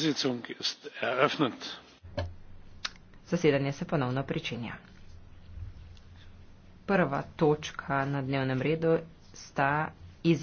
Sitzung ist eröffnet. Zasedanje se ponovno pričenja. Prva točka na dnevnem redu sta izjavljena.